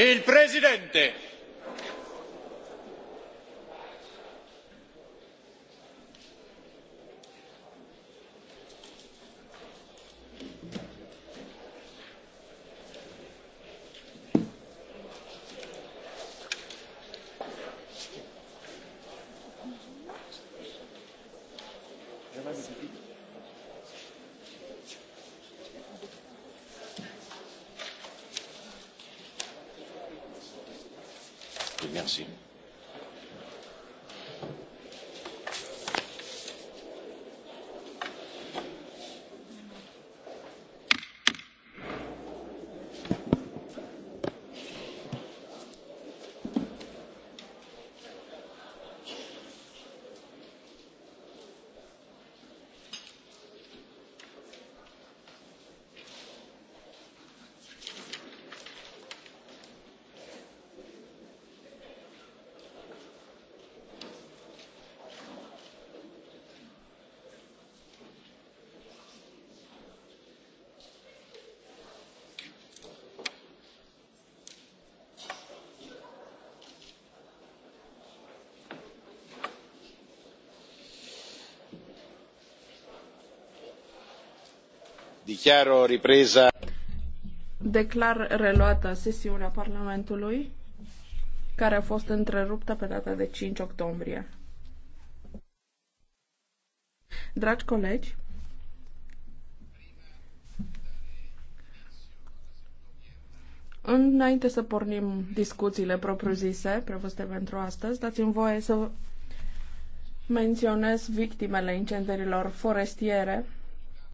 Il Presidente. Merci. dichiaro ripresa declar reluată sesiunea parlamentului care a fost întreruptă pe data de 5 octombrie. Dragi colegi, înainte să pornim discuțiile propriu-zise prevăzute pentru astăzi, dați-mi voie să menționez victimele incendiilor forestiere